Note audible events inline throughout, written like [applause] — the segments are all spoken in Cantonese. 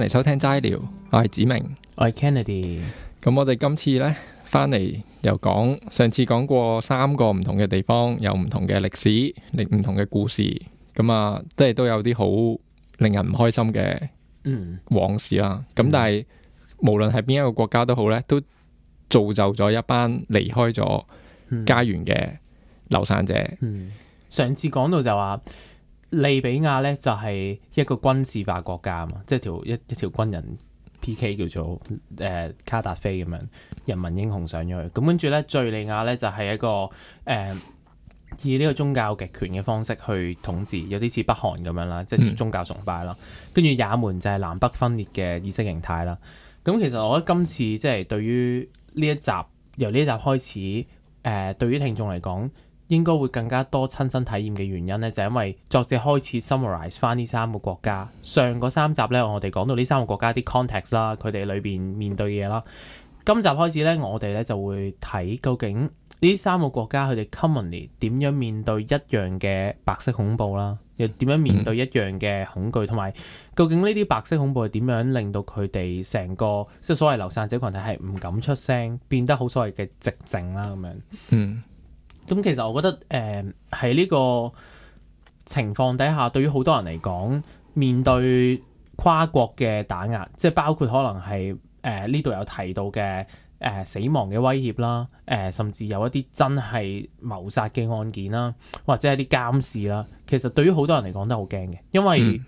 嚟收聽齋聊，我係子明，我係 Kennedy。咁我哋今次咧翻嚟又講，上次講過三個唔同嘅地方，有唔同嘅歷史，有唔同嘅故事。咁啊，即係都有啲好令人唔開心嘅往事啦。咁、嗯、但係、嗯、無論係邊一個國家都好咧，都造就咗一班離開咗家園嘅流散者、嗯嗯。上次講到就話。利比亞咧就係、是、一個軍事化國家啊嘛，即係條一一條軍人 P K 叫做誒、呃、卡達菲咁樣人民英雄上咗去，咁跟住咧敍利亞咧就係、是、一個誒、呃、以呢個宗教極權嘅方式去統治，有啲似北韓咁樣啦，即係宗教崇拜啦。跟住、嗯、也門就係南北分裂嘅意識形態啦。咁、嗯、其實我覺得今次即係對於呢一集由呢一集開始，誒、呃、對於聽眾嚟講，應該會更加多親身體驗嘅原因咧，就係因為作者開始 summarize 翻呢三個國家。上嗰三集咧，我哋講到呢三個國家啲 context 啦，佢哋裏邊面對嘅嘢啦。今集開始咧，我哋咧就會睇究竟呢三個國家佢哋 commonly 點樣面對一樣嘅白色恐怖啦，又點樣面對一樣嘅恐懼，同埋究竟呢啲白色恐怖係點樣令到佢哋成個即係所謂流散者群體係唔敢出聲，變得好所謂嘅寂靜啦咁樣。嗯。咁其實我覺得誒喺呢個情況底下，對於好多人嚟講，面對跨國嘅打壓，即係包括可能係誒呢度有提到嘅誒、呃、死亡嘅威脅啦，誒、呃、甚至有一啲真係謀殺嘅案件啦，或者係啲監視啦，其實對於好多人嚟講都好驚嘅，因為，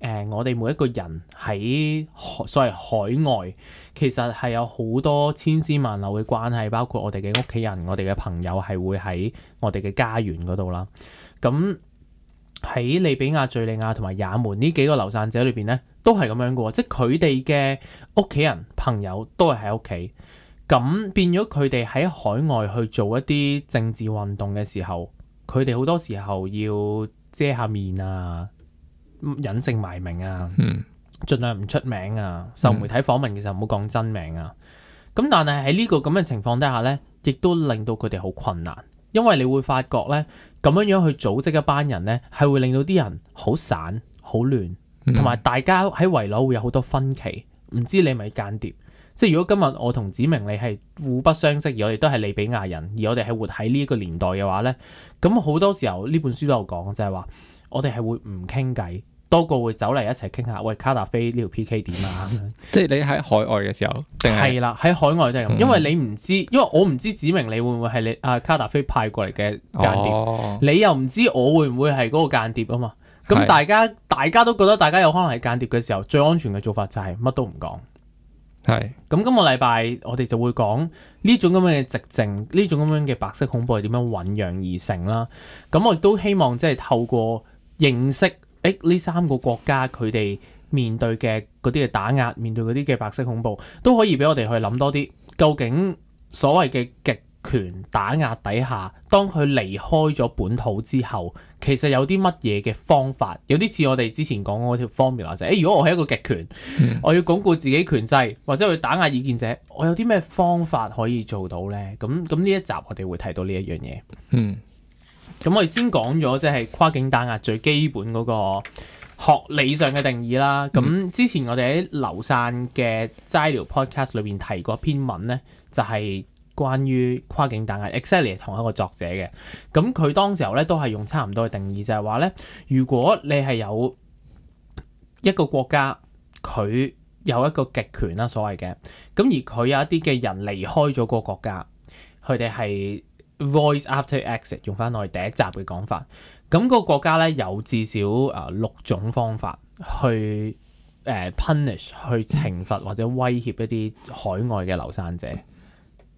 誒、嗯，我哋每一個人喺所謂海外，其實係有好多千絲萬縷嘅關係，包括我哋嘅屋企人、我哋嘅朋友係會喺我哋嘅家園嗰度啦。咁、嗯、喺利比亞、敍利亞同埋也門呢幾個流散者裏邊咧，都係咁樣嘅，即係佢哋嘅屋企人、朋友都係喺屋企。咁、嗯、變咗佢哋喺海外去做一啲政治運動嘅時候，佢哋好多時候要遮下面啊。隱姓埋名啊，嗯、盡量唔出名啊，受媒體訪問嘅時候唔好講真名啊。咁、嗯、但係喺呢個咁嘅情況底下呢，亦都令到佢哋好困難，因為你會發覺呢，咁樣樣去組織一班人呢，係會令到啲人好散、好亂，同埋大家喺圍樓會有好多分歧。唔知你咪間諜？即係如果今日我同子明你係互不相識，而我哋都係利比亞人，而我哋係活喺呢一個年代嘅話呢，咁好多時候呢本書都有講，就係話。我哋係會唔傾偈，多過會走嚟一齊傾下。喂，卡達菲呢條 P. K. 點啊？ [laughs] 即係你喺海外嘅時候，定係啦，喺海外都係咁。嗯、因為你唔知，因為我唔知指明你會唔會係你啊卡達菲派過嚟嘅間諜。哦、你又唔知我會唔會係嗰個間諜啊嘛？咁、哦、大家的大家都覺得大家有可能係間諜嘅時候，最安全嘅做法就係乜都唔講。係的。咁今個禮拜我哋就會講呢種咁樣嘅寂靜，呢種咁樣嘅白色恐怖係點樣醖釀而成啦。咁我亦都希望即係透過。認識誒呢、欸、三個國家佢哋面對嘅嗰啲嘅打壓，面對嗰啲嘅白色恐怖，都可以俾我哋去諗多啲。究竟所謂嘅極權打壓底下，當佢離開咗本土之後，其實有啲乜嘢嘅方法？有啲似我哋之前講嗰條 formula，就係，或者誒，如果我係一個極權，嗯、我要鞏固自己權勢，或者去打壓異見者，我有啲咩方法可以做到呢？」咁，咁呢一集我哋會睇到呢一樣嘢。嗯。咁我哋先講咗即係跨境打壓最基本嗰個學理上嘅定義啦。咁、嗯、之前我哋喺流散嘅齋聊 podcast 裏邊提過篇文咧，就係、是、關於跨境打壓，exactly 係同一個作者嘅。咁佢當時候咧都係用差唔多嘅定義，就係話咧，如果你係有一個國家，佢有一個極權啦，所謂嘅，咁而佢有一啲嘅人離開咗個國家，佢哋係。Voice after exit 用翻我哋第一集嘅講法，咁、那個國家咧有至少啊、呃、六種方法去誒、呃、punish 去懲罰或者威脅一啲海外嘅流散者。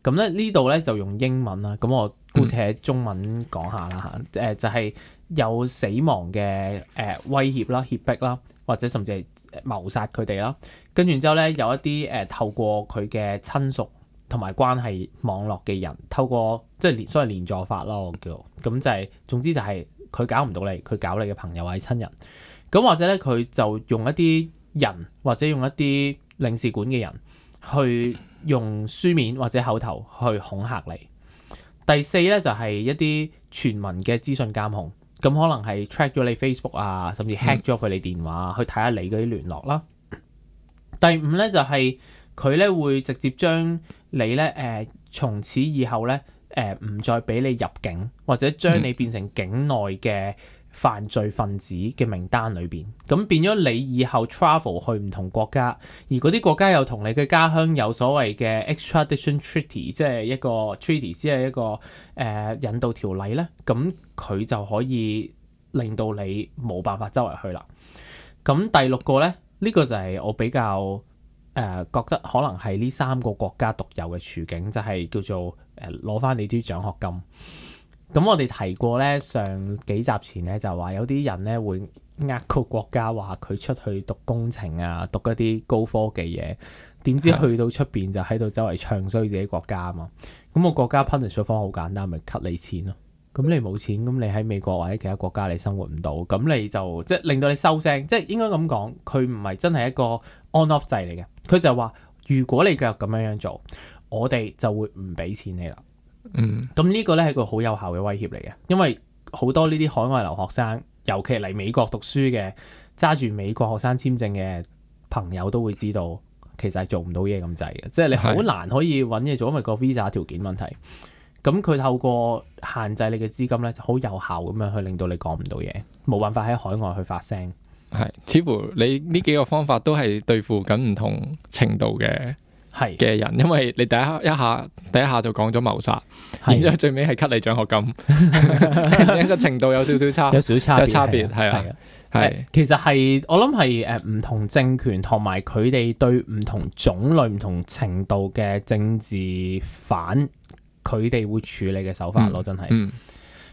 咁咧呢度咧就用英文啦，咁我姑且中文講下啦嚇。誒、嗯呃、就係、是、有死亡嘅誒、呃、威脅啦、脅迫啦，或者甚至係謀殺佢哋啦。跟住之後咧有一啲誒、呃、透過佢嘅親屬。同埋關係網絡嘅人，透過即係連，所謂連坐法咯，我叫咁就係、是，總之就係佢搞唔到你，佢搞你嘅朋友或者親人，咁或者咧佢就用一啲人或者用一啲領事館嘅人去用書面或者口頭去恐嚇你。第四咧就係、是、一啲全民嘅資訊監控，咁可能係 check 咗你 Facebook 啊，甚至 hack 咗佢哋電話去睇下你嗰啲聯絡啦。第五咧就係、是。佢咧會直接將你咧，誒從此以後咧，誒唔再俾你入境，或者將你變成境內嘅犯罪分子嘅名單裏邊。咁變咗你以後 travel 去唔同國家，而嗰啲國家又同你嘅家鄉有所謂嘅 extradition treaty，即係一個 treaty，即係一個誒、呃、引渡條例咧。咁佢就可以令到你冇辦法周圍去啦。咁第六個咧，呢、這個就係我比較。誒、呃、覺得可能係呢三個國家獨有嘅處境，就係、是、叫做誒攞返你啲獎學金。咁我哋提過咧，上幾集前咧就話有啲人咧會呃個國家，話佢出去讀工程啊，讀一啲高科技嘢，點知去到出邊就喺度周圍唱衰自己國家啊嘛。咁、那個國家 punish 方好簡單，咪、就是、cut 你錢咯。咁你冇錢，咁你喺美國或者其他國家你生活唔到，咁你就即係令到你收聲，即係應該咁講，佢唔係真係一個 on-off 制嚟嘅，佢就話如果你繼續咁樣樣做，我哋就會唔俾錢你啦。嗯，咁呢個咧係一個好有效嘅威脅嚟嘅，因為好多呢啲海外留學生，尤其係嚟美國讀書嘅，揸住美國學生簽證嘅朋友都會知道，其實係做唔到嘢咁滯嘅，是即係你好難可以揾嘢做，因為個 visa 條件問題。咁佢透過限制你嘅資金咧，就好有效咁樣去令到你講唔到嘢，冇辦法喺海外去發聲。係，似乎你呢幾個方法都係對付緊唔同程度嘅係嘅人，是因為你第一一下第一下就講咗謀殺，是然之後最尾係 cut 你獎學金，一個是 [laughs] [laughs] 程度有少少差， [laughs] 有少差，有差別係啊，係、啊啊啊。其實係我諗係誒唔同政權同埋佢哋對唔同種類唔同程度嘅政治反。佢哋會處理嘅手法咯，真係。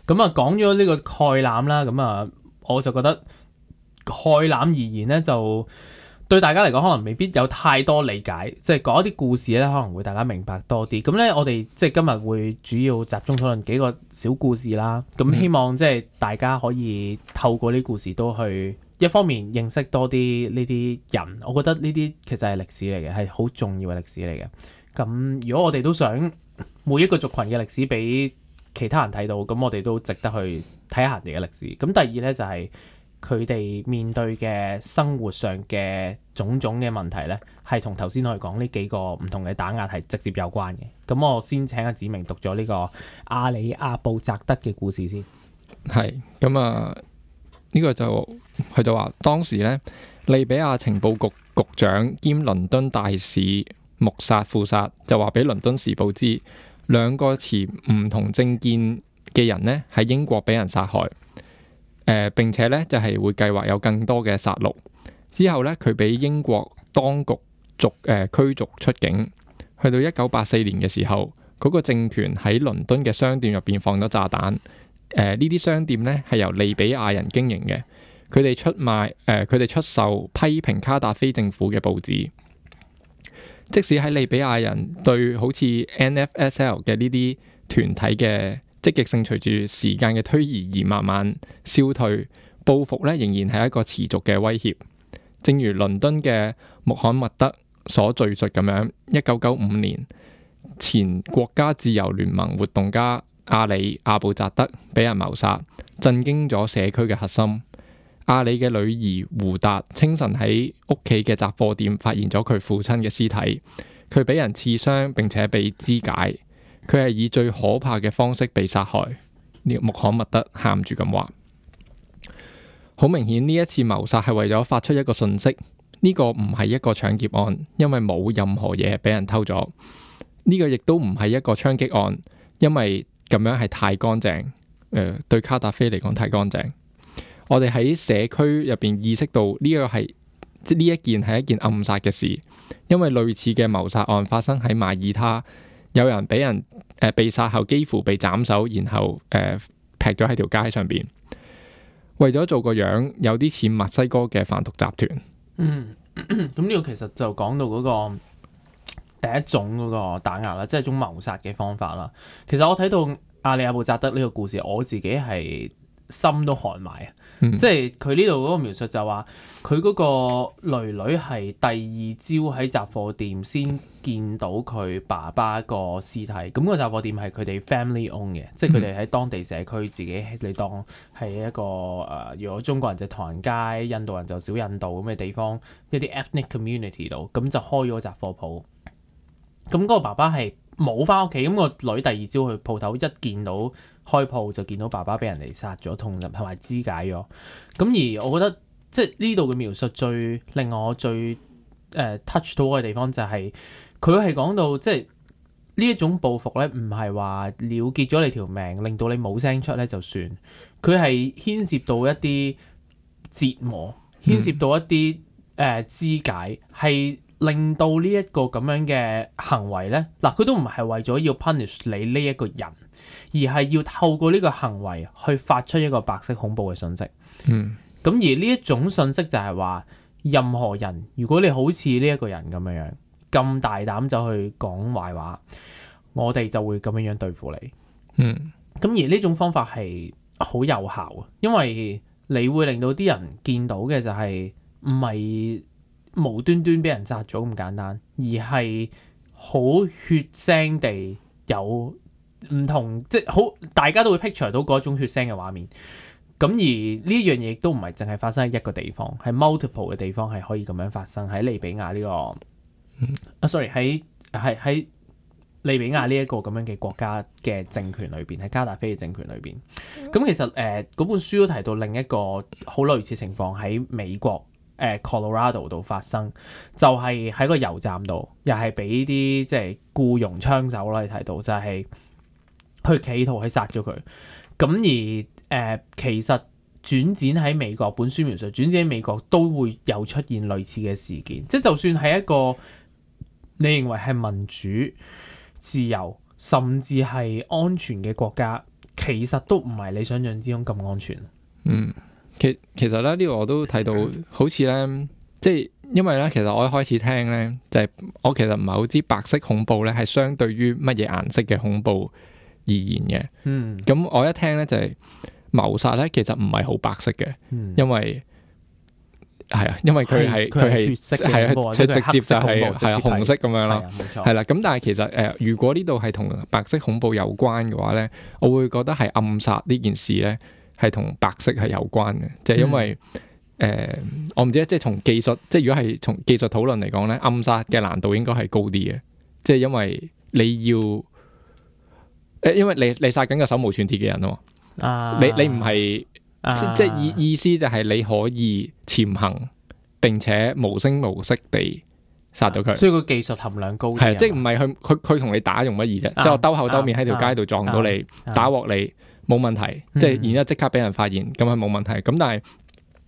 咁啊、嗯，講咗呢個概覽啦，咁啊，我就覺得概覽而言呢，就對大家嚟講，可能未必有太多理解。即係講一啲故事呢，可能會大家明白多啲。咁呢，我哋即係今日會主要集中討論幾個小故事啦。咁希望即係大家可以透過呢故事都去一方面認識多啲呢啲人。我覺得呢啲其實係歷史嚟嘅，係好重要嘅歷史嚟嘅。咁如果我哋都想每一個族群嘅歷史俾其他人睇到，咁我哋都值得去睇下人哋嘅歷史。咁第二呢，就係佢哋面對嘅生活上嘅種種嘅問題呢，係同頭先我哋講呢幾個唔同嘅打壓係直接有關嘅。咁我先請阿梓明讀咗呢個阿里阿布扎德嘅故事先。係咁、嗯、啊，呢、這個就佢就話當時呢，利比亞情報局局、局長兼倫敦大使穆薩庫薩就話俾《倫敦時報》知。兩個持唔同政見嘅人呢，喺英國俾人殺害，誒、呃、並且呢就係、是、會計劃有更多嘅殺戮。之後呢，佢俾英國當局逐誒、呃、驅逐出境。去到一九八四年嘅時候，嗰、那個政權喺倫敦嘅商店入邊放咗炸彈。誒呢啲商店呢係由利比亞人經營嘅，佢哋出賣誒佢哋出售批評卡達菲政府嘅報紙。即使喺利比亞人對好似 NFSL 嘅呢啲團體嘅積極性隨住時間嘅推移而慢慢消退，報復呢仍然係一個持續嘅威脅，正如倫敦嘅穆罕默德所敘述咁樣，一九九五年，前國家自由聯盟活動家阿里阿布扎德俾人謀殺，震驚咗社區嘅核心。阿里嘅女兒胡達清晨喺屋企嘅雜貨店發現咗佢父親嘅屍體，佢俾人刺傷並且被肢解，佢係以最可怕嘅方式被殺害。穆罕默德喊住咁話：「好明顯，呢一次謀殺係為咗發出一個訊息，呢個唔係一個搶劫案，因為冇任何嘢俾人偷咗。呢個亦都唔係一個槍擊案，因為咁樣係太乾淨。誒、呃，對卡達菲嚟講太乾淨。我哋喺社區入邊意識到呢個係，即呢一件係一件暗殺嘅事，因為類似嘅謀殺案發生喺馬爾他，有人俾人誒、呃、被殺後幾乎被斬首，然後誒、呃、劈咗喺條街上邊，為咗做個樣有啲似墨西哥嘅販毒集團。嗯，咁呢個其實就講到嗰個第一種嗰個打壓啦，即係一種謀殺嘅方法啦。其實我睇到阿里亞布扎德呢個故事，我自己係。心都寒埋啊！即係佢呢度嗰個描述就話，佢嗰個囡囡係第二朝喺雜貨店先見到佢爸爸個屍體。咁個雜貨店係佢哋 family owned 嘅，即係佢哋喺當地社區自己，你當係一個誒、呃，如果中國人就唐人街，印度人就小印度咁嘅地方，一啲 ethnic community 度，咁就開咗雜貨鋪。咁嗰個爸爸係冇返屋企，咁個女第二朝去鋪頭一見到。開鋪就見到爸爸俾人哋殺咗，同同埋肢解咗。咁而我覺得，即係呢度嘅描述最令我最誒 touch、呃、到嘅地方就係佢係講到即係呢一種報復咧，唔係話了結咗你條命，令到你冇聲出咧就算。佢係牽涉到一啲折磨，牽涉到一啲誒肢解，係令到呢一個咁樣嘅行為咧，嗱、呃、佢都唔係為咗要 punish 你呢一個人。而係要透過呢個行為去發出一個白色恐怖嘅信息，嗯，咁而呢一種信息就係話，任何人如果你好似呢一個人咁樣咁大膽就去講壞話，我哋就會咁樣樣對付你，嗯，咁而呢種方法係好有效嘅，因為你會令到啲人見到嘅就係唔係無端端俾人殺咗咁簡單，而係好血腥地有。唔同即係好，大家都會 picture 到嗰種血腥嘅畫面。咁而呢樣嘢亦都唔係淨係發生喺一個地方，係 multiple 嘅地方係可以咁樣發生，喺利比亞呢、這個、嗯、啊，sorry 喺喺喺利比亞呢一個咁樣嘅國家嘅政權裏邊，喺加達菲嘅政權裏邊。咁、嗯嗯、其實誒，嗰、呃、本書都提到另一個好類似情況喺美國誒、呃、Colorado 度發生，就係、是、喺個油站度，又係俾啲即係僱傭槍手啦，你睇到就係、是。去企圖去殺咗佢，咁而誒、呃，其實轉展喺美國本書描述，轉展喺美國都會有出現類似嘅事件，即係就算係一個你認為係民主、自由，甚至係安全嘅國家，其實都唔係你想像之中咁安全。嗯，其其實咧呢個我都睇到，好似咧，即係因為咧，其實我一開始聽咧，就係、是、我其實唔係好知白色恐怖咧係相對於乜嘢顏色嘅恐怖。自然嘅，咁、嗯、我一聽咧就係謀殺咧，其實唔係好白色嘅、嗯，因為係啊，因為佢係佢係血色恐怖即，即直接就係係紅色咁樣啦，冇錯、係啦、啊。咁但係其實誒、呃，如果呢度係同白色恐怖有關嘅話咧，我會覺得係暗殺呢件事咧係同白色係有關嘅，就是、因為誒、嗯呃、我唔知即係從技術，即係如果係從技術討論嚟講咧，暗殺嘅難度應該係高啲嘅，即係因為你要。誒，因為你你殺緊個手無寸鐵嘅人啊，你你唔係即即意意思就係你可以潛行，並且無聲無息地殺咗佢，所以個技術含量高。係是，即唔係佢佢佢同你打用乜嘢啫？啊、即我兜口兜面喺條街度撞到你，啊啊啊、打鑊你冇問題，啊啊、即係然之後即刻俾人發現，咁係冇問題。咁、嗯、但係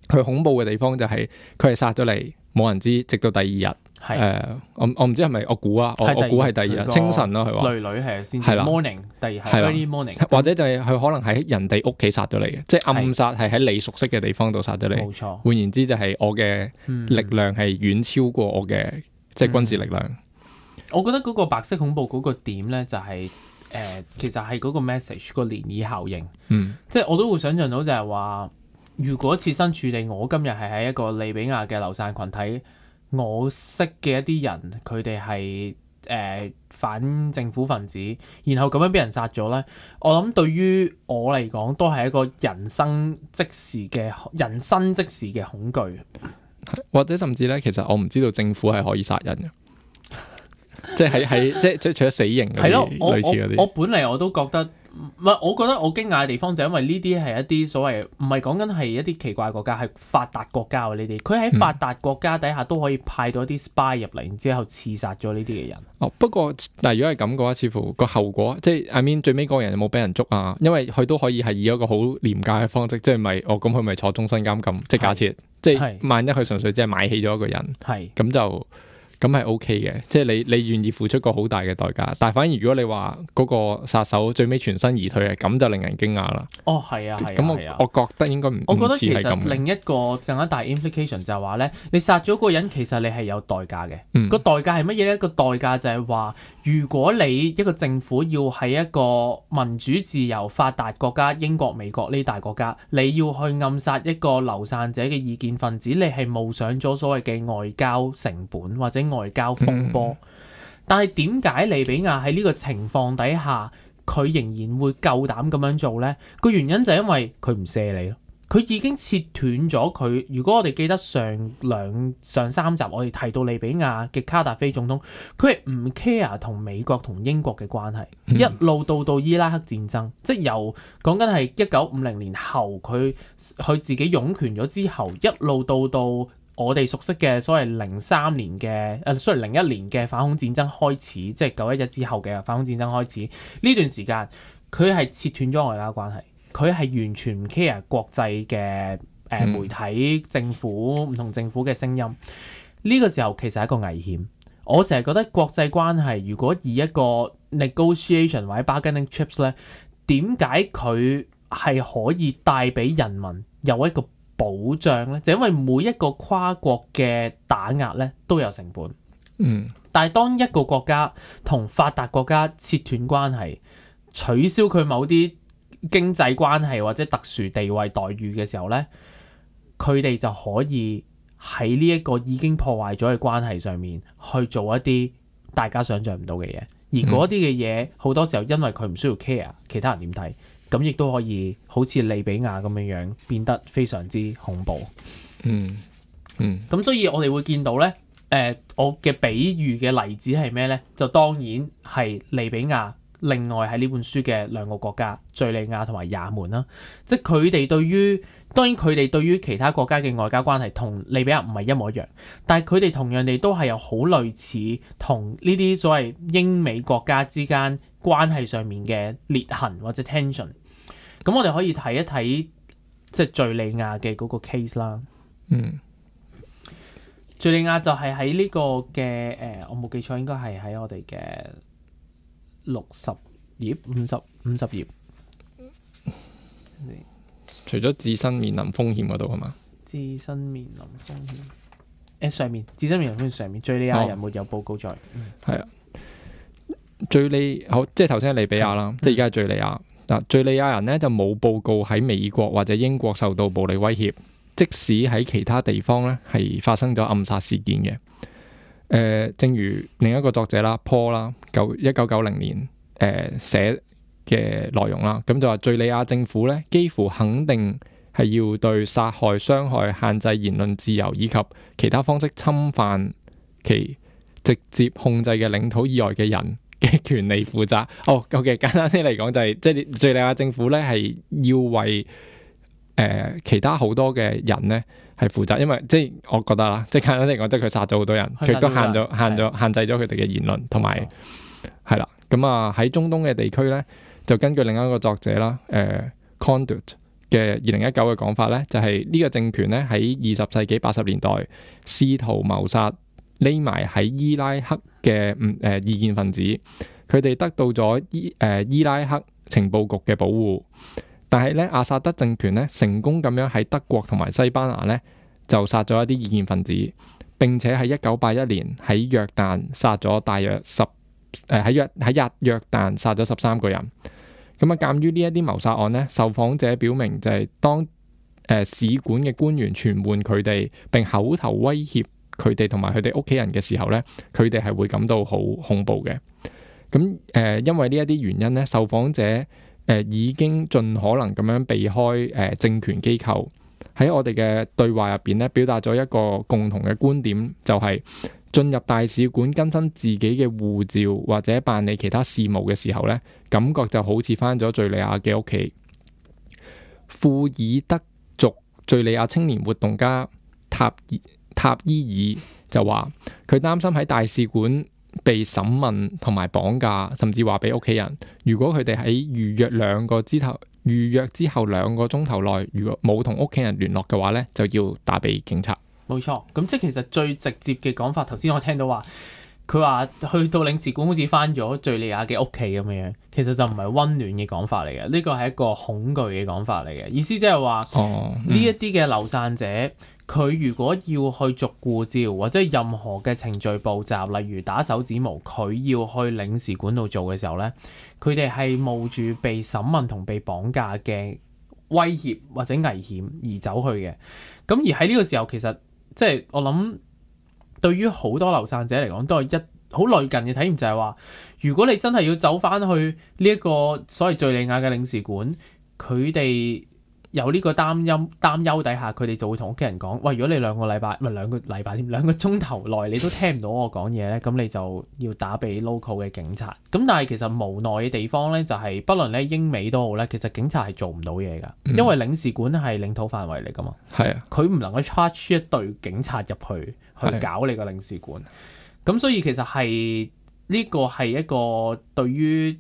佢恐怖嘅地方就係，佢係殺咗你冇人知，直到第二日。係誒，我我唔知係咪，我估啊，我我估係第二日，清晨咯，佢話。女女係先。係啦。Morning，第二係 early morning。或者就係佢可能喺人哋屋企殺咗你嘅，即係暗殺係喺你熟悉嘅地方度殺咗你。冇錯。換言之，就係我嘅力量係遠超過我嘅即係軍事力量。我覺得嗰個白色恐怖嗰個點咧，就係誒，其實係嗰個 message 個漣漪效應。嗯。即係我都會想像到就係話，如果設身處地，我今日係喺一個利比亞嘅流散群體。我識嘅一啲人，佢哋係誒反政府分子，然後咁樣俾人殺咗咧。我諗對於我嚟講，都係一個人生即時嘅人生即時嘅恐懼，或者甚至咧，其實我唔知道政府係可以殺人嘅， [laughs] 即係喺，即即除咗死刑係咯，類似嗰啲。我本嚟我都覺得。唔係，我覺得我驚訝嘅地方就因為呢啲係一啲所謂唔係講緊係一啲奇怪國家，係發達國家喎呢啲。佢喺發達國家底下都可以派到一啲 spy 入嚟，然之後刺殺咗呢啲嘅人。哦，不過但係如果係咁嘅話，似乎個後果即係阿 I mean 最尾嗰個人有冇俾人捉啊？因為佢都可以係以一個好廉價嘅方式，即係咪哦咁佢咪坐終身監禁？即係假設，是即係是萬一佢純粹即係買起咗一個人，係咁是就。咁係 OK 嘅，即係你你願意付出個好大嘅代價，但係反而如果你話嗰個殺手最尾全身而退，咁就令人驚訝啦。哦，係啊，咁、係啊係啊係啊、我我覺得應該唔，我覺得其實另一個更加大 implication 就係話咧，你殺咗個人，其實你係有代價嘅。嗯，個代價係乜嘢咧？個代價就係話，如果你一個政府要喺一個民主自由發達國家，英國、美國呢大國家，你要去暗殺一個流散者嘅異見分子，你係冒上咗所謂嘅外交成本或者。外交風波，但係點解利比亞喺呢個情況底下，佢仍然會夠膽咁樣做呢？個原因就係因為佢唔卸你咯，佢已經切斷咗佢。如果我哋記得上兩、上三集，我哋提到利比亞嘅卡達菲總統，佢係唔 care 同美國同英國嘅關係，一路到到伊拉克戰爭，即係由講緊係一九五零年後，佢佢自己擁權咗之後，一路到到。我哋熟悉嘅所謂零三年嘅，誒雖然零一年嘅反恐戰爭開始，即係九一一之後嘅反恐戰爭開始，呢段時間佢係切斷咗外交關係，佢係完全唔 care 國際嘅誒媒體、政府唔同政府嘅聲音。呢、這個時候其實係一個危險。我成日覺得國際關係如果以一個 negotiation 或者 bargaining trips 咧，點解佢係可以帶俾人民有一個？保障咧，就因為每一個跨國嘅打壓咧都有成本。嗯，但係當一個國家同發達國家切斷關係，取消佢某啲經濟關係或者特殊地位待遇嘅時候咧，佢哋就可以喺呢一個已經破壞咗嘅關係上面去做一啲大家想象唔到嘅嘢。而嗰啲嘅嘢好多時候因為佢唔需要 care 其他人點睇。咁亦都可以好似利比亞咁樣樣變得非常之恐怖。嗯嗯，咁、嗯、所以我哋會見到呢，誒、呃，我嘅比喻嘅例子係咩呢？就當然係利比亞，另外喺呢本書嘅兩個國家，敍利亞同埋也門啦。即佢哋對於，當然佢哋對於其他國家嘅外交關係同利比亞唔係一模一樣，但係佢哋同樣地都係有好類似同呢啲所謂英美國家之間關係上面嘅裂痕或者 tension。咁我哋可以睇一睇即係敘利亞嘅嗰個 case 啦。嗯，敘利亞就係喺呢個嘅誒、呃，我冇記錯應該係喺我哋嘅六十頁、五十五十頁。嗯嗯、除咗自身面臨風險嗰度係嘛？自身面臨風險誒，上面自身面臨風險上面，敘利亞人沒有報告在係、哦嗯、啊。敘利好，即係頭先係利比亞啦，嗯嗯、即係而家係敘利亞。嗱，敍利亞人呢就冇報告喺美國或者英國受到暴力威脅，即使喺其他地方呢係發生咗暗殺事件嘅。誒、呃，正如另一個作者啦，Paul 啦，九一九九零年誒、呃、寫嘅內容啦，咁就話敍利亞政府呢幾乎肯定係要對殺害、傷害、限制言論自由以及其他方式侵犯其直接控制嘅領土以外嘅人。嘅權利負責哦，好嘅，簡單啲嚟講就係、是，即係敘利亞政府咧係要為誒、呃、其他好多嘅人咧係負責，因為即係我覺得啦，即係簡單啲嚟講，即係佢殺咗好多人，佢都限咗、限咗了、的限制咗佢哋嘅言論同埋係啦。咁錯啊喺中東嘅地區咧，就根據另一個作者啦，誒、呃、Conduct 嘅二零一九嘅講法咧，就係、是、呢個政權咧喺二十世紀八十年代試圖謀殺。匿埋喺伊拉克嘅嗯誒異見分子，佢哋得到咗伊誒、呃、伊拉克情報局嘅保護，但係咧阿薩德政權咧成功咁樣喺德國同埋西班牙咧就殺咗一啲異見分子，並且喺一九八一年喺約旦殺咗大約十誒喺約喺日約旦殺咗十三個人。咁啊，鑑於呢一啲謀殺案咧，受訪者表明就係當誒使館嘅官員傳喚佢哋並口頭威脅，佢哋同埋佢哋屋企人嘅時候呢，佢哋係會感到好恐怖嘅。咁誒、呃，因為呢一啲原因呢，受訪者誒、呃、已經盡可能咁樣避開誒、呃、政權機構，喺我哋嘅對話入邊呢，表達咗一個共同嘅觀點，就係、是、進入大使館更新自己嘅護照或者辦理其他事務嘅時候呢，感覺就好似返咗敍利亞嘅屋企。庫爾德族敍利亞青年活動家塔爾。塔伊爾就話佢擔心喺大使館被審問同埋綁架，甚至話俾屋企人，如果佢哋喺預約兩個之後預約之後兩個鐘頭內，如果冇同屋企人聯絡嘅話咧，就要打俾警察。冇錯，咁即係其實最直接嘅講法。頭先我聽到話，佢話去到領事館好似翻咗敘利亞嘅屋企咁樣，其實就唔係溫暖嘅講法嚟嘅，呢個係一個恐懼嘅講法嚟嘅，意思即係話哦，呢一啲嘅流散者。佢如果要去續護照或者任何嘅程序步驟，例如打手指模，佢要去領事館度做嘅時候呢，佢哋係冒住被審問同被綁架嘅威脅或者危險而走去嘅。咁而喺呢個時候，其實即係、就是、我諗對於好多流散者嚟講都係一好類近嘅體驗，就係、是、話如果你真係要走翻去呢一個所謂敘利亞嘅領事館，佢哋。有呢個擔憂底下，佢哋就會同屋企人講：喂，如果你兩個禮拜唔係、呃、兩個禮拜添，兩個鐘頭內你都聽唔到我講嘢咧，咁 [laughs] 你就要打俾 local 嘅警察。咁但係其實無奈嘅地方咧、就係，就係不論咧英美都好咧，其實警察係做唔到嘢㗎，因為領事館係領土範圍嚟㗎嘛。係啊、嗯，佢唔能夠 charge 一隊警察入去的去搞你個領事館。咁所以其實係呢、呢個係一個對於。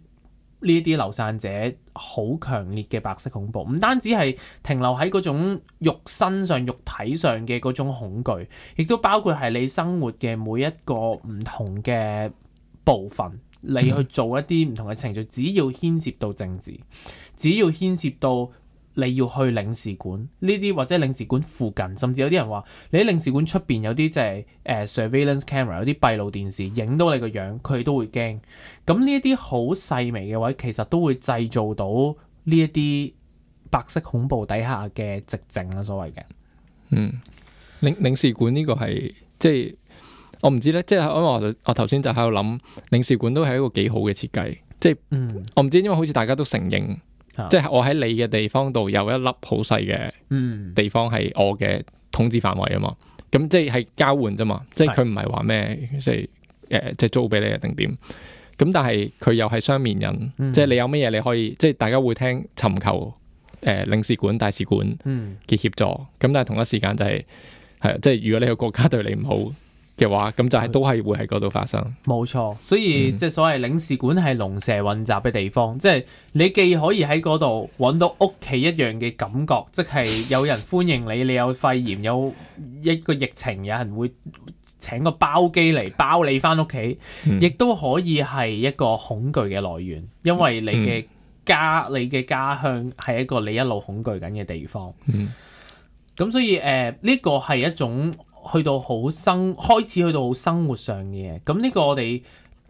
呢啲流散者好強烈嘅白色恐怖，唔單止係停留喺嗰種肉身上、肉體上嘅嗰種恐懼，亦都包括係你生活嘅每一個唔同嘅部分，你要去做一啲唔同嘅程序，只要牽涉到政治，只要牽涉到。你要去領事館呢啲，或者領事館附近，甚至有啲人話你喺領事館出邊有啲即係誒 surveillance camera，有啲閉路電視影到你個樣，佢都會驚。咁呢一啲好細微嘅位，其實都會製造到呢一啲白色恐怖底下嘅寂靜啦，所謂嘅。嗯，領領事館呢個係即係我唔知咧，即係因為我我頭先就喺度諗領事館都係一個幾好嘅設計，即係嗯我唔知，因為好似大家都承認。即係我喺你嘅地方度有一粒好細嘅地方係我嘅統治範圍啊嘛，咁、嗯、即係交換啫嘛，是即係佢唔係話咩即係誒即係租俾你定點，咁但係佢又係雙面人，嗯、即係你有乜嘢你可以即係大家會聽尋求誒領事館、大使館嘅協助，咁、嗯、但係同一時間就係、是、係即係如果你個國家對你唔好。嘅話，咁就係都係會喺嗰度發生。冇錯，所以即係所謂領事館係龍蛇混雜嘅地方，嗯、即係你既可以喺嗰度揾到屋企一樣嘅感覺，即係有人歡迎你， [laughs] 你有肺炎有一個疫情，有人會請個包機嚟包你翻屋企，亦都、嗯、可以係一個恐懼嘅來源，因為你嘅家、嗯、你嘅家鄉係一個你一路恐懼緊嘅地方。咁、嗯嗯、所以誒，呢、呃呢個係一種。去到好生，開始去到好生活上嘅嘢。咁呢個我哋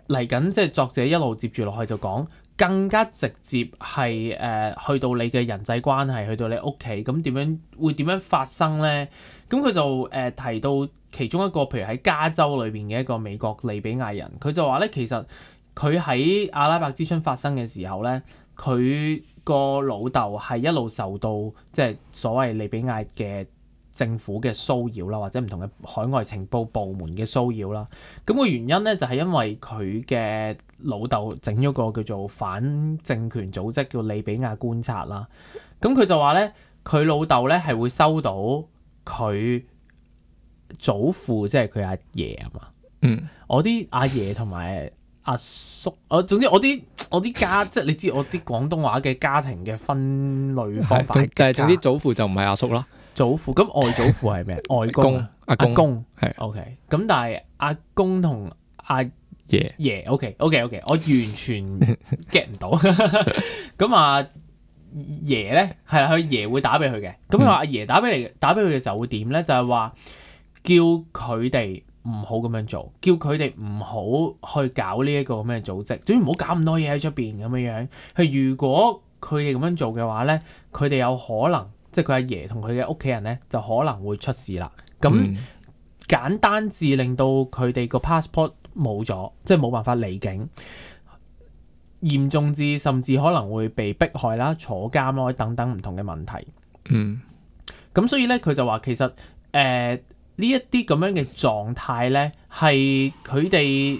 嚟緊即係作者一路接住落去就講更加直接係誒、呃、去到你嘅人際關係，去到你屋企，咁點樣會點樣發生咧？咁佢就誒、呃、提到其中一個譬如喺加州裏邊嘅一個美國利比亞人，佢就話咧，其實佢喺阿拉伯之春發生嘅時候咧，佢個老豆係一路受到即係、就是、所謂利比亞嘅。政府嘅騷擾啦，或者唔同嘅海外情報部門嘅騷擾啦，咁個原因咧就係因為佢嘅老豆整咗個叫做反政權組織叫利比亞觀察啦，咁佢就話咧，佢老豆咧係會收到佢祖父，即係佢、嗯、阿爺啊嘛，嗯，我啲阿爺同埋阿叔，我總之我啲我啲家 [laughs] 即係你知我啲廣東話嘅家庭嘅分類方法，但係總之祖父就唔係阿叔囉。祖父咁外祖父係咩？外公、啊、公阿公係。O K 咁但係阿公同的、okay. 阿爺爺。O K O K O K 我完全 get 唔到。咁 [laughs] 啊爺咧係啦，佢爺、啊、會打俾佢嘅。咁佢話阿爺打俾你，打俾佢嘅時候會點咧？就係、是、話叫佢哋唔好咁樣做，叫佢哋唔好去搞呢一個咁嘅組織，總之唔好搞咁多嘢喺出邊咁樣樣。佢如果佢哋咁樣做嘅話咧，佢哋有可能。即係佢阿爺同佢嘅屋企人咧，就可能會出事啦。咁、嗯、簡單至令到佢哋個 passport 冇咗，即係冇辦法離境；嚴重至甚至可能會被迫害啦、坐監咯等等唔同嘅問題。嗯，咁所以咧，佢就話其實誒、呃、呢一啲咁樣嘅狀態咧，係佢哋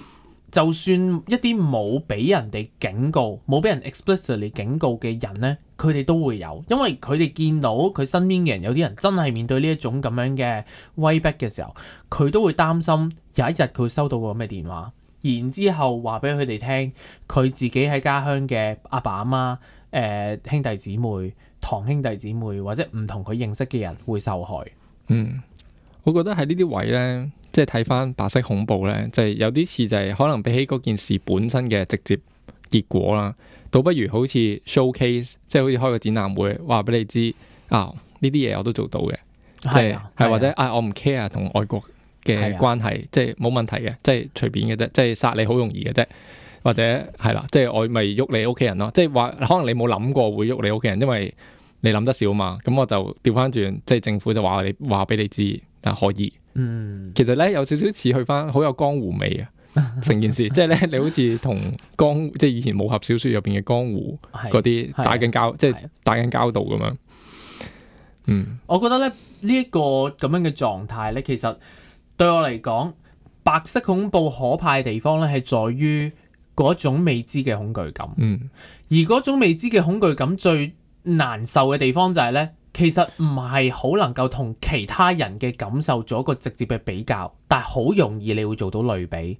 就算一啲冇俾人哋警告、冇俾人 explicitly 警告嘅人咧。佢哋都會有，因為佢哋見到佢身邊嘅人有啲人真係面對呢一種咁樣嘅威逼嘅時候，佢都會擔心有一日佢收到個咩嘅電話，然之後話俾佢哋聽，佢自己喺家鄉嘅阿爸阿媽、誒、呃、兄弟姊妹、堂兄弟姊妹或者唔同佢認識嘅人會受害。嗯，我覺得喺呢啲位呢，即係睇返白色恐怖呢，就係、是、有啲似就係可能比起嗰件事本身嘅直接結果啦。倒不如好似 showcase，即係好似開個展覽會，話俾你知啊，呢啲嘢我都做到嘅，啊、即係、啊、或者啊我唔 care 同外國嘅關係，啊、即係冇問題嘅，即係隨便嘅啫，即係殺你好容易嘅啫，或者係啦、啊嗯，即係我咪喐你屋企人咯，即係話可能你冇諗過會喐你屋企人，因為你諗得少嘛，咁我就調翻轉，即係政府就話你話俾你知，但可以，嗯，其實咧有少少似去翻好有江湖味啊～成件事， [laughs] 即係咧，你好似同江， [laughs] 即係以前武俠小說入邊嘅江湖嗰啲的打緊交，即係打緊交道咁樣。嗯，我覺得咧呢一個咁樣嘅狀態咧，其實對我嚟講，白色恐怖可怕嘅地方咧，係在於嗰種未知嘅恐懼感。嗯，而嗰種未知嘅恐懼感最難受嘅地方就係、是、咧，其實唔係好能夠同其他人嘅感受做一個直接嘅比較，但係好容易你會做到類比。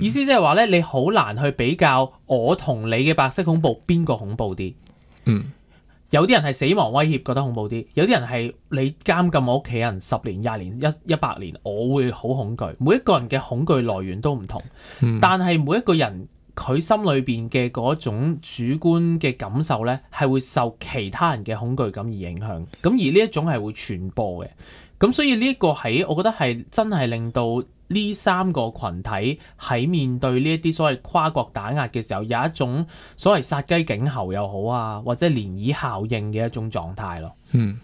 意思即係話咧，你好難去比較我同你嘅白色恐怖邊個恐怖啲。 [noise] 有啲人係死亡威脅覺得恐怖啲，有啲人係你監禁我屋企人十年、廿年、一一百年，我會好恐懼。每一個人嘅恐懼來源都唔同， [noise] 但係每一個人佢心裏邊嘅嗰種主觀嘅感受呢，係會受其他人嘅恐懼感而影響。咁而呢一種係會傳播嘅。咁所以呢一個喺，我覺得係真係令到。呢三個群體喺面對呢一啲所謂跨國打壓嘅時候，有一種所謂殺雞儆猴又好啊，或者漣漪效應嘅一種狀態咯。嗯，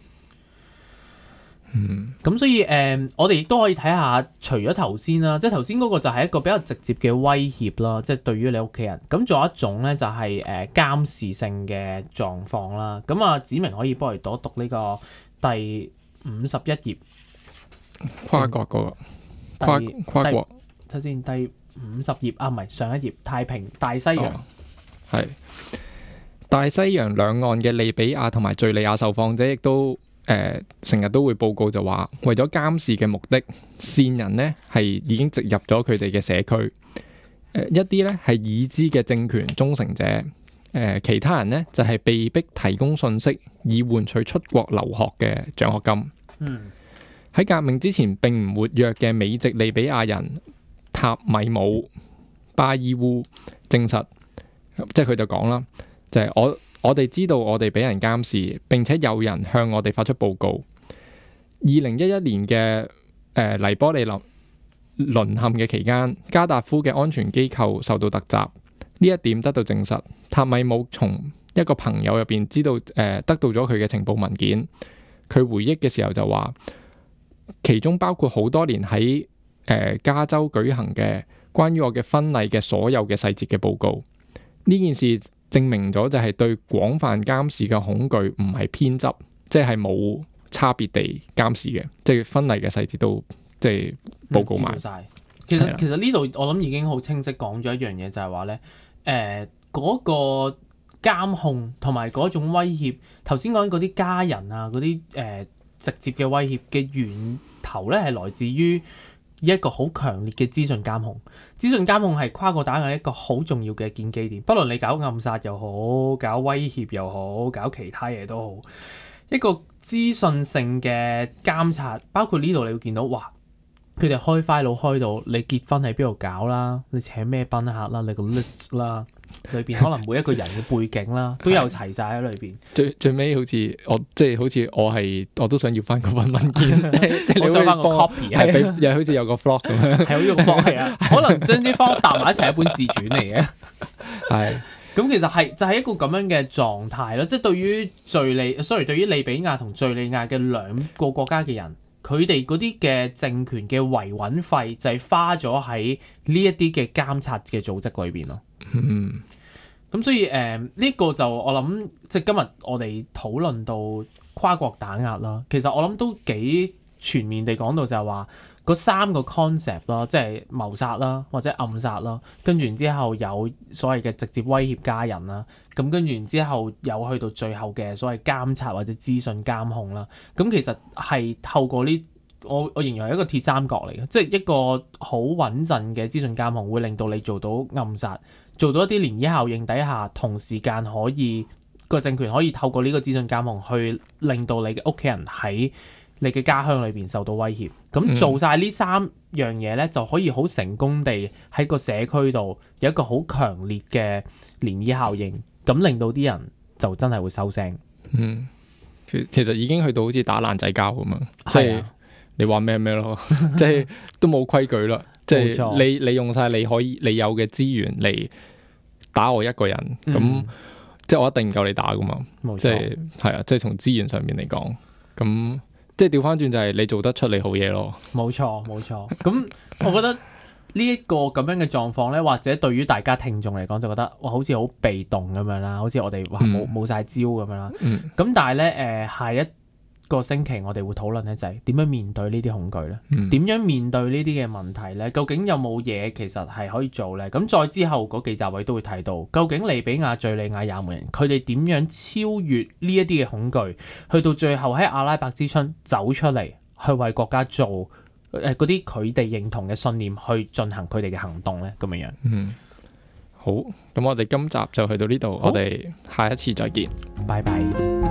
嗯，咁所以誒、呃，我哋亦都可以睇下，除咗頭先啦，即係頭先嗰個就係一個比較直接嘅威脅啦，即係對於你屋企人咁，仲有一種呢，就係誒監視性嘅狀況啦。咁啊，子明可以幫我讀呢個第五十一頁跨國嗰、嗯那個。跨跨國睇先第五十頁啊，唔係上一頁，太平大西洋係、哦、大西洋兩岸嘅利比亞同埋敍利亞受訪者亦都誒成日都會報告就話，為咗監視嘅目的，線人呢係已經植入咗佢哋嘅社區。誒、呃、一啲呢係已知嘅政權忠誠者，誒、呃、其他人呢就係、是、被逼提供信息，以換取出國留學嘅獎學金。嗯。喺革命之前並唔活躍嘅美籍利比亞人塔米姆巴依烏證實，即係佢就講啦，就係、是、我我哋知道我哋俾人監視，並且有人向我哋發出報告。二零一一年嘅誒黎波利林淪陷嘅期間，加達夫嘅安全機構受到突襲，呢一點得到證實。塔米姆從一個朋友入邊知道誒、呃、得到咗佢嘅情報文件，佢回憶嘅時候就話。其中包括好多年喺誒、呃、加州舉行嘅關於我嘅婚禮嘅所有嘅細節嘅報告，呢件事證明咗就係對廣泛監視嘅恐懼唔係偏執，即係冇差別地監視嘅，即係婚禮嘅細節都即係報告埋曬、嗯的。其實其實，呢度我諗已經好清晰講咗一樣嘢，就係話咧誒嗰個監控同埋嗰種威脅，頭先講嗰啲家人啊嗰啲誒。直接嘅威脅嘅源頭咧，係來自於一個好強烈嘅資訊監控。資訊監控係跨國打壓一個好重要嘅建基點。不論你搞暗殺又好，搞威脅又好，搞其他嘢都好，一個資訊性嘅監察，包括呢度，你會見到，哇！佢哋開 file 開到你結婚喺邊度搞啦？你請咩賓客啦？你個 list 啦，裏邊可能每一個人嘅背景啦，都有齊晒喺裏邊。最最尾好似我即係好似我係我都想要翻份文件，即係 [laughs] [laughs] 我想翻個 copy 又好似有個 vlog 咁樣 [laughs] 是，係好用。係啊，可能將啲 file 搭埋一齊一本自傳嚟嘅。係 [laughs] 咁 [laughs] 是， [laughs] 其實係就係一個咁樣嘅狀態咯。即、就、係、是、對於敍利 sorry，對於利比亞同敍利亞嘅兩個國家嘅人。佢哋嗰啲嘅政權嘅維穩費就係花咗喺呢一啲嘅監察嘅組織裏邊咯。嗯，咁 [noise] 所以誒，呢個就我諗，即係今日我哋討論到跨國打壓啦。其實我諗都幾全面地講到就係話。嗰三個 concept 咯，即係謀殺啦，或者暗殺啦，跟住然之後有所謂嘅直接威脅家人啦，咁跟住然之後有去到最後嘅所謂監察或者資訊監控啦，咁其實係透過呢，我我形容係一個鐵三角嚟嘅，即係一個好穩陣嘅資訊監控會令到你做到暗殺，做到一啲漣漪效應底下同時間可以個政權可以透過呢個資訊監控去令到你嘅屋企人喺你嘅家鄉裏邊受到威脅，咁做晒呢三樣嘢呢，就可以好成功地喺個社區度有一個好強烈嘅漣漪效應，咁令到啲人就真係會收聲。嗯，其其實已經去到好似打爛仔交咁嘛，即係、啊、你話咩咩咯，即係都冇規矩啦，即係 [laughs] 沒錯 你你用晒你可以你有嘅資源嚟打我一個人，咁、嗯、即係我一定唔夠你打噶嘛？冇錯沒錯，係啊，即係從資源上面嚟講，咁。即係調翻轉就係你做得出嚟好嘢咯，冇錯冇錯。咁 [laughs] 我覺得呢一個咁樣嘅狀況咧，或者對於大家聽眾嚟講就覺得哇，好似好被動咁樣啦，好似我哋、嗯、哇冇冇曬招咁樣啦。咁、嗯、但係咧誒下一個星期我哋會討論咧，就係點樣面對呢啲恐懼咧？點、嗯、樣面對呢啲嘅問題咧？究竟有冇嘢其實係可以做咧？咁再之後嗰幾集位都會提到，究竟利比亞、敘利亞、也門人，佢哋點樣超越呢一啲嘅恐懼，去到最後喺阿拉伯之春走出嚟，去為國家做誒嗰啲佢哋認同嘅信念，去進行佢哋嘅行動咧？咁樣樣。嗯，好。咁我哋今集就去到呢度，好我哋下一次再見。拜拜。